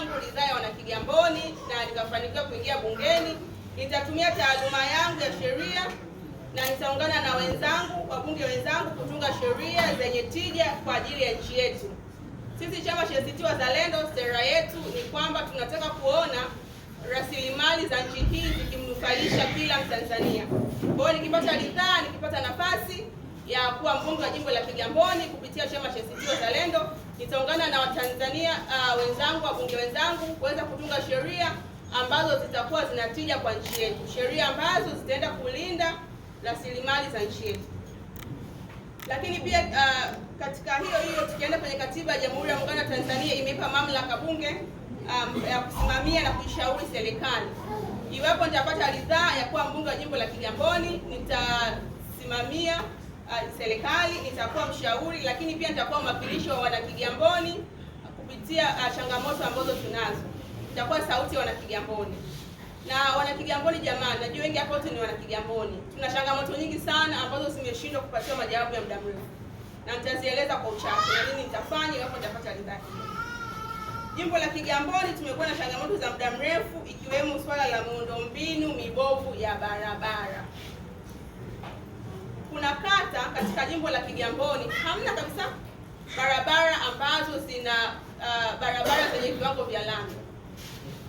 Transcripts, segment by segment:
yangu ridhaa ya Kigamboni na nikafanikiwa kuingia bungeni, nitatumia taaluma yangu ya sheria na nitaungana na wenzangu wabunge wenzangu kutunga sheria zenye tija kwa ajili ya nchi yetu. Sisi chama cha ACT Wazalendo, sera yetu ni kwamba tunataka kuona rasilimali za nchi hii zikimnufaisha kila Mtanzania. Kwa hiyo nikipata ridhaa, nikipata nafasi ya kuwa mbunge wa jimbo la Kigamboni kupitia chama cha ACT Wazalendo nitaungana na Watanzania uh, wenzangu, wabunge wenzangu kuweza kutunga sheria ambazo zitakuwa zinatija kwa nchi yetu, sheria ambazo zitaenda kulinda rasilimali za nchi yetu. Lakini pia uh, katika hiyo hiyo tukienda kwenye katiba ya Jamhuri ya Muungano wa Tanzania imeipa mamlaka bunge um, ya kusimamia na kuishauri serikali. Iwapo nitapata ridhaa ya kuwa mbunge wa jimbo la Kigamboni, nitasimamia Ah, serikali nitakuwa mshauri, lakini pia nitakuwa mwakilishi wa wanakigamboni kupitia uh, changamoto ambazo tunazo. Nitakuwa sauti ya wanakigamboni na wanakigamboni. Jamani, najua wengi hapa wote ni wanakigamboni. Tuna changamoto nyingi sana ambazo zimeshindwa kupatiwa majawabu ya muda mrefu, na nitazieleza kwa uchache na nini nitafanya iwapo nitapata ridhaa hiyo. Jimbo la Kigamboni tumekuwa na changamoto za muda mrefu ikiwemo swala la miundombinu mibovu ya barabara katika jimbo la Kigamboni hamna kabisa barabara ambazo zina uh, barabara zenye viwango vya lami.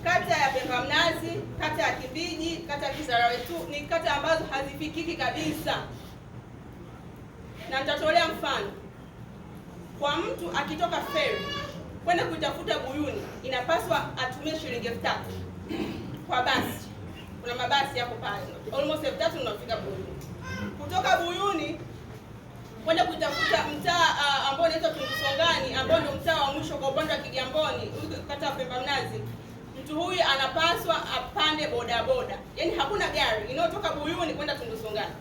Kata ya Mnazi, kata ya Kibiji, kata ya tu ni kata ambazo hazifikiki kabisa, na nitatolea mfano kwa mtu akitoka feri kwenda kutafuta Buyuni inapaswa atumie shilingi elfu tatu kwa basi. Kuna mabasi yako pale almost elfu tatu unafika Buyuni. Kutoka Buyuni kwenda kutafuta mtaa uh, ambao unaitwa Tungusongani ambao ndio mtaa wa mwisho kwa upande wa Kigamboni kata ya Pemba Mnazi. Mtu huyu anapaswa apande bodaboda, yaani hakuna gari inayotoka Buyuni kwenda Tungusongani,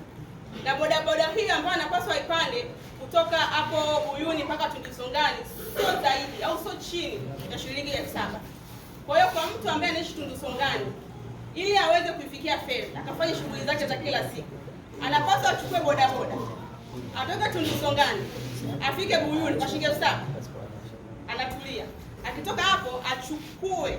na bodaboda hii ambayo anapaswa ipande kutoka hapo Buyuni mpaka Tundusongani sio zaidi au sio chini ya shilingi elfu saba. Kwa hiyo kwa mtu ambaye anaishi Tundusongani, ili aweze kuifikia feri akafanya shughuli zake za kila siku, anapaswa achukue bodaboda atoke Tundusongani afike Buyuni kwa shilingi elfu saba anatulia. Akitoka hapo achukue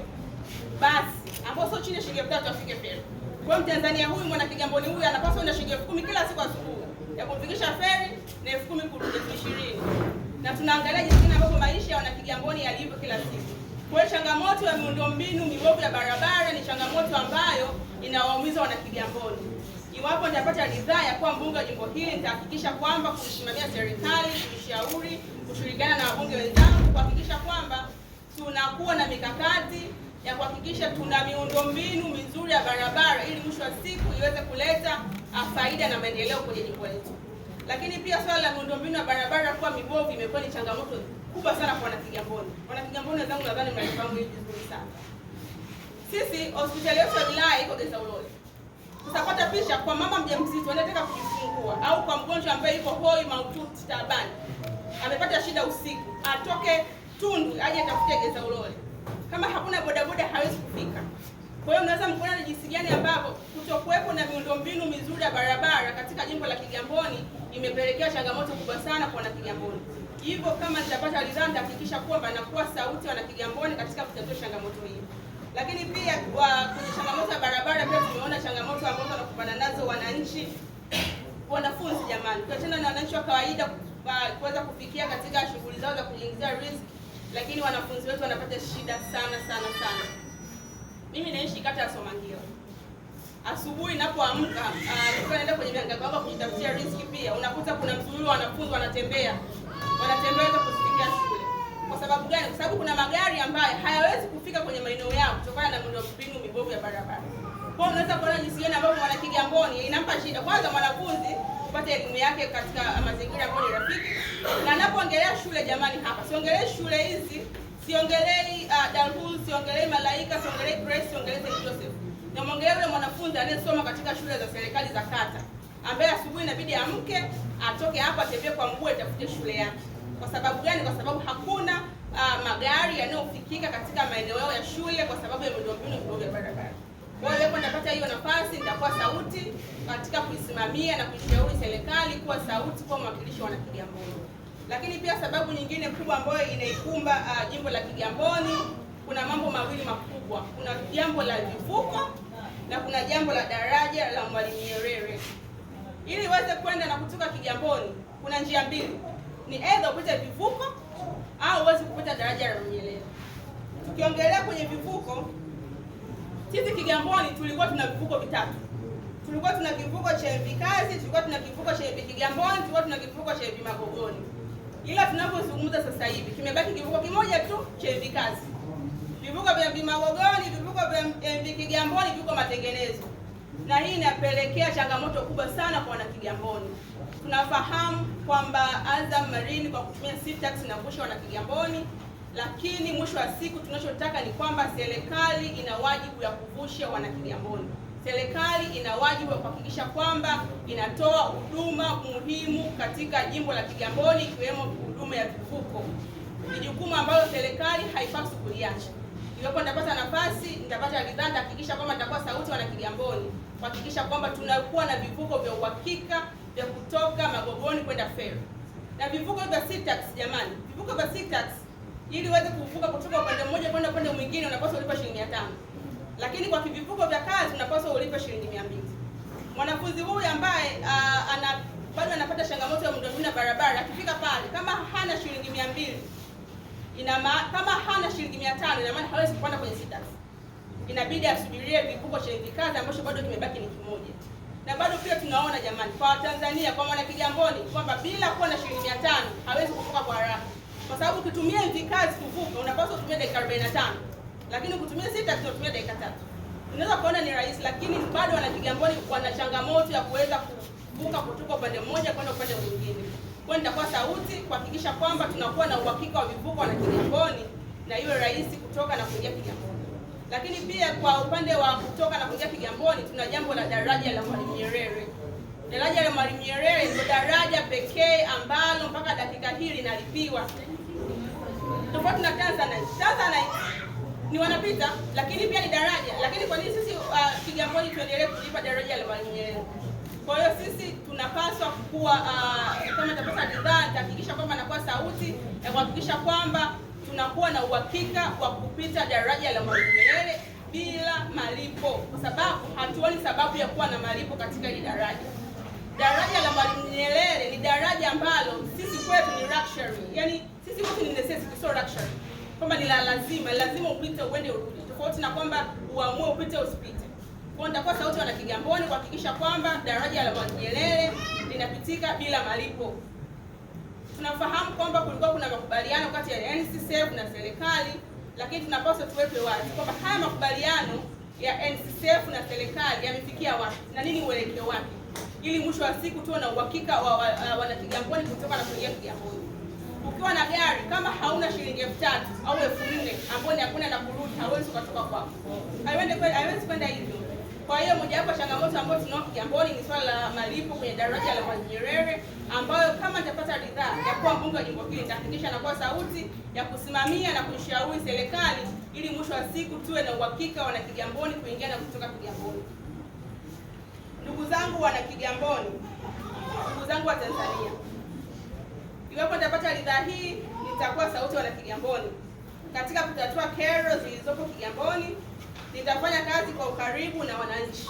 basi ambayo sio chini ya shilingi elfu tatu afike feri. Kwa Mtanzania huyu mwana Kigamboni huyu anapaswa kwenda shilingi elfu kumi kila siku asubuhi ya kumfikisha feri na elfu kumi kurudi elfu ishirini na tunaangalia jinsi ambavyo maisha ya wana Kigamboni yalivyo kila siku. Kwa changamoto ya miundombinu mibovu ya barabara ni changamoto ambayo inawaumiza wana Kigamboni. Iwapo nitapata ridhaa ya kuwa mbunge wa jimbo hili, nitahakikisha kwamba kuisimamia serikali, kuishauri, kushirikiana na wabunge wenzangu kuhakikisha kwamba tunakuwa na mikakati ya kuhakikisha tuna miundombinu mizuri ya barabara ili mwisho wa siku iweze kuleta ah, faida na maendeleo kwenye jimbo letu. Lakini pia swala la miundombinu ya barabara kuwa mibovu imekuwa ni changamoto kubwa sana kwa Wanakigamboni. Wanakigamboni wenzangu, nadhani mnalifahamu hili vizuri sana. Sisi hospitali yetu ya wilaya iko Gezaulole tutapata picha kwa mama mjamzito anayetaka kujifungua au kwa mgonjwa ambaye yuko hoi mahututi taabani, amepata shida usiku, atoke Tundu aje atafute Geza Ulole. Kama hakuna bodaboda hawezi kufika. Kwa hiyo mnaweza mkuona ni jinsi gani ambapo kutokuwepo na miundombinu mizuri ya barabara katika jimbo la Kigamboni imepelekea changamoto kubwa sana kwa Wanakigamboni. Hivyo kama nitapata ridhaa, nitahakikisha kwamba nakuwa sauti Wanakigamboni katika kutatua changamoto hii lakini pia kwenye changamoto ya barabara pia tumeona changamoto ambazo wanakumbana nazo wananchi, wanafunzi. Jamani, tunatenda na wananchi wa kawaida kuweza kufikia katika shughuli zao za kujiingizia riziki, lakini wanafunzi wetu wanapata shida sana sana sana. Mimi naishi kata ya Somangio. Asubuhi ninapoamka uh, ah, naenda kwenye mihangaiko kujitafutia riziki, pia unakuta kuna msururu wa wanafunzi wanatembea wanatembea sababu gani? Kwa sababu kuna magari ambayo hayawezi kufika kwenye maeneo yao kutokana na miundombinu mibovu ya barabara. Kwa hiyo unaweza kuona jinsi gani ambavyo mwana Kigamboni inampa shida kwanza mwanafunzi kupata elimu yake katika mazingira ambayo ni rafiki. Na napoongelea shule, jamani, hapa siongelee shule hizi, siongelei uh, Darul, siongelei Malaika, siongelei Grace, siongelei St Joseph. Namwongelea yule mwanafunzi anayesoma katika shule za serikali za kata ambaye asubuhi inabidi amke atoke hapa, atembee kwa mguu, atafute shule yake. Kwa sababu gani? Kwa sababu hakuna uh, magari yanayofikika katika maeneo yao ya shule kwa sababu ya miundombinu mibovu ya barabara. Kwa hiyo napata hiyo nafasi, nitakuwa sauti katika kuisimamia na kuishauri serikali kuwa sauti, kwa mwakilishi kigamboni Lakini pia sababu nyingine kubwa ambayo inaikumba uh, jimbo la Kigamboni, kuna mambo mawili makubwa, kuna jambo la vivuko na kuna jambo la daraja la Mwalimu Nyerere. Ili uweze kwenda na kutoka Kigamboni kuna njia mbili ni aidha upite vivuko au uweze kupita daraja la Mnyelele. Tukiongelea kwenye vivuko, sisi Kigamboni tulikuwa tuna vivuko vitatu. Tulikuwa tuna kivuko cha Mvikazi, tulikuwa tuna kivuko cha MV Kigamboni, tulikuwa tuna kivuko cha MV Magogoni, ila tunapozungumza sasa hivi kimebaki kivuko kimoja tu cha Mvikazi. Vivuko vya MV Magogoni, vivuko vya MV Kigamboni viko matengenezo, na hii inapelekea changamoto kubwa sana kwa wana Kigamboni tunafahamu kwamba Azam Marine kwa kutumia Sitax inavusha wana Kigamboni, lakini mwisho wa siku tunachotaka ni kwamba serikali ina wajibu ya kuvusha wana Kigamboni. Serikali ina wajibu wa kuhakikisha kwamba inatoa huduma muhimu katika jimbo la Kigamboni, ikiwemo huduma ya vivuko. Ni jukumu ambalo serikali haipaswi kuliacha. Iwapo nitapata nafasi, nitapata ridhaa, nitahakikisha kwamba nitakuwa sauti wana Kigamboni kuhakikisha kwamba tunakuwa na vivuko vya uhakika vya kutoka Magogoni kwenda Feri na vivuko vya Sitax. Jamani, vivuko vya Sitax, ili uweze kuvuka kutoka upande mmoja kwenda upande mwingine unapaswa ulipa shilingi 500, lakini kwa vivuko vya kazi unapaswa ulipe shilingi 200. Mwanafunzi huyu ambaye uh, ana bado anapata changamoto ya miundombinu ya barabara, akifika pale kama hana shilingi 200 ina ma, kama hana shilingi 500 ina maana hawezi kupanda kwenye Sitax, inabidi asubirie vivuko cha kazi ambacho bado kimebaki ni kimoja na bado pia tunaona jamani, kwa Watanzania, kwa mwana Kigamboni, kwamba bila kuwa na shilingi mia tano hawezi kuvuka kwa haraka, kwa sababu ukitumia hizi kazi kuvuka unapaswa kutumia dakika 45 lakini ukitumia sita tunatumia dakika tatu. Unaweza kuona ni rahisi, lakini bado wana Kigamboni wana changamoto ya kuweza kuvuka kutoka upande mmoja kwenda upande mwingine. Kwa nitakuwa sauti kuhakikisha kwamba tunakuwa na uhakika wa vivuko wana Kigamboni na iwe rahisi kutoka na kuingia Kigamboni. Lakini pia kwa upande wa kutoka na kuingia Kigamboni, tuna jambo la daraja la Mwalimu Nyerere. Daraja la Mwalimu Nyerere ndio daraja pekee ambalo mpaka dakika hii linalipiwa, tofauti na Tanzania. Tanzania ni wanapita, lakini pia ni daraja. Lakini kwa nini sisi uh, Kigamboni tuendelee kulipa daraja la Mwalimu Nyerere? Kwa hiyo sisi tunapaswa kuwa uh, kama tapata ridhaa, tahakikisha kwamba nakuwa sauti na kuhakikisha kwamba tunakuwa na uhakika wa kupita daraja la Mwalimu Nyerere bila malipo, kwa sababu hatuoni sababu ya kuwa na malipo katika hili daraja. Daraja la Mwalimu Nyerere ni daraja ambalo sisi kwetu ni luxury, yani sisi kwetu ni necessity, sio luxury, kwamba ni la lazima, lazima upite uende urudi, tofauti na kwamba uamue upite usipite. Kwa nitakuwa sauti wana Kigamboni kuhakikisha kwamba daraja la Mwalimu Nyerere linapitika bila malipo. Tunafahamu kwamba kulikuwa kuna makubaliano kati ya NCCF na serikali, lakini tunapaswa tuweke wazi kwamba haya makubaliano ya NCCF na serikali yamefikia wapi na nini uelekeo wake, ili mwisho wa siku tuwe na uhakika wa, wa, wa, wanakigamboni kutoka na kuingia Kigamboni. Ukiwa na gari kama hauna shilingi elfu tatu au elfu nne ambayo ni hakuna na kurudi, hawezi ukatoka kwako, haiwezi kwenda hivyo. Kwa hiyo mojawapo changamoto ambayo tunao Kigamboni ni swala la malipo kwenye daraja la Mwalimu Nyerere ambayo kama nitapata ridhaa ya kuwa mbunge wa jimbo hili nitahakikisha nakuwa sauti ya kusimamia na kushauri serikali ili mwisho wa siku tuwe na uhakika wana Kigamboni kuingia na kutoka Kigamboni. Ndugu zangu wana Kigamboni, ndugu zangu wa Tanzania, iwapo nitapata ridhaa hii nitakuwa sauti wana Kigamboni katika kutatua kero zilizopo Kigamboni. Nitafanya kazi kwa ukaribu na wananchi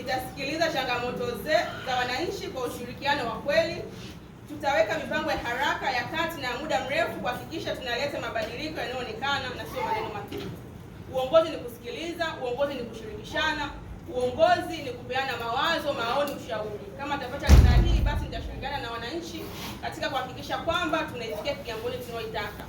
itasikiliza changamoto za wananchi kwa ushirikiano wa kweli. Tutaweka mipango ya haraka ya kati na muda mrefu kuhakikisha tunaleta mabadiliko yanayoonekana na sio maneno matupu. Uongozi ni kusikiliza, uongozi ni kushirikishana, uongozi ni kupeana mawazo, maoni, ushauri. Kama tutapata ridhaa hii, basi nitashirikiana na wananchi katika kuhakikisha kwamba tunaifikia kigamboni tunaoitaka.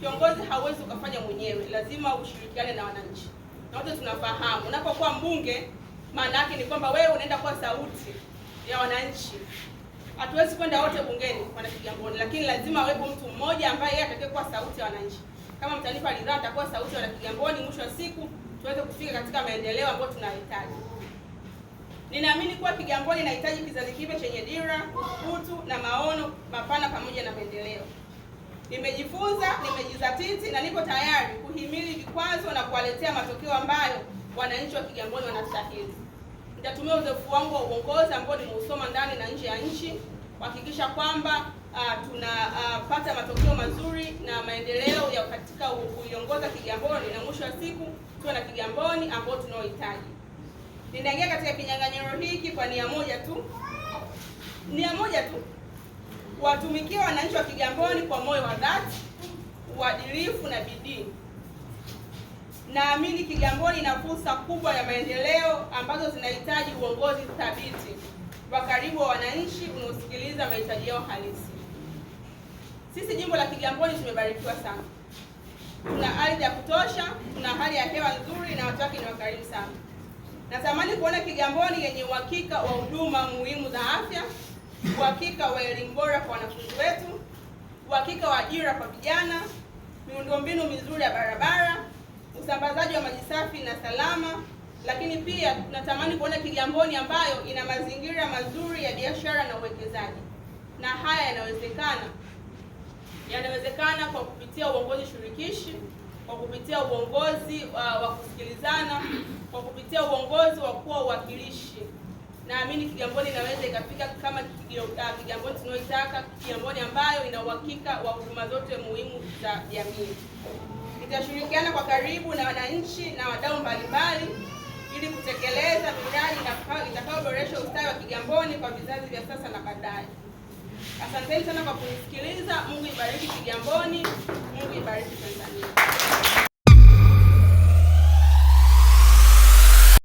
Kiongozi hauwezi ukafanya mwenyewe, lazima ushirikiane na wananchi, na wote tunafahamu unapokuwa mbunge maana yake ni kwamba wewe unaenda kuwa sauti ya wananchi. Hatuwezi kwenda wote bungeni kwenda Kigamboni, lakini lazima awepo mtu mmoja ambaye yeye atakayekuwa sauti ya wananchi. Kama mtanipa ridhaa, atakuwa sauti ya Wanakigamboni, mwisho wa siku tuweze kufika katika maendeleo ambayo tunahitaji. Ninaamini kuwa Kigamboni inahitaji kizazi kipya chenye dira, utu na maono mapana pamoja na maendeleo. Nimejifunza, nimejizatiti na niko tayari kuhimili vikwazo na kuwaletea matokeo ambayo wananchi wa Kigamboni wanastahili. Nitatumia uzoefu wangu wa uongozi ambao nimeusoma ndani na nje ya nchi kuhakikisha kwamba uh, ah, tunapata ah, uh, matokeo mazuri na maendeleo ya katika kuiongoza Kigamboni na mwisho wa siku tuwe na Kigamboni ambao tunaohitaji. Ninaingia katika kinyang'anyiro hiki kwa nia moja tu, nia moja tu, watumikie wananchi wa Kigamboni kwa moyo wa dhati, uadilifu na bidii naamini Kigamboni ina fursa kubwa ya maendeleo ambazo zinahitaji uongozi thabiti wa karibu wa wananchi unaosikiliza mahitaji yao halisi. Sisi jimbo la Kigamboni tumebarikiwa sana, tuna ardhi ya kutosha, tuna hali ya hewa nzuri na watu wake ni wakarimu sana. Natamani kuona Kigamboni yenye uhakika wa huduma muhimu za afya, uhakika wa elimu bora kwa wanafunzi wetu, uhakika wa ajira kwa vijana, miundombinu mizuri ya barabara usambazaji wa maji safi na salama, lakini pia tunatamani kuona Kigamboni ambayo ina mazingira mazuri ya biashara na uwekezaji, na haya yanawezekana. Yanawezekana kwa kupitia uongozi shirikishi, kwa kupitia uongozi wa, uh, wa kusikilizana, kwa kupitia uongozi wa kuwa uwakilishi. Naamini Kigamboni inaweza ikafika kama uh, Kigamboni tunaoitaka, Kigamboni ambayo ina uhakika wa huduma zote muhimu za jamii itashirikiana kwa karibu na wananchi na wadau mbalimbali ili kutekeleza miradi itakayoboresha ustawi wa Kigamboni kwa vizazi vya sasa na baadaye. Asanteni sana kwa kunisikiliza. Mungu ibariki Kigamboni, Mungu ibariki Tanzania.